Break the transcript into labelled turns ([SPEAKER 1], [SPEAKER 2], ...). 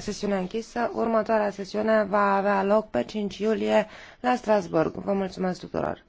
[SPEAKER 1] Sesiunea închisă. Următoarea sesiune va avea loc pe 5 iulie la Strasbourg. Vă mulțumesc tuturor!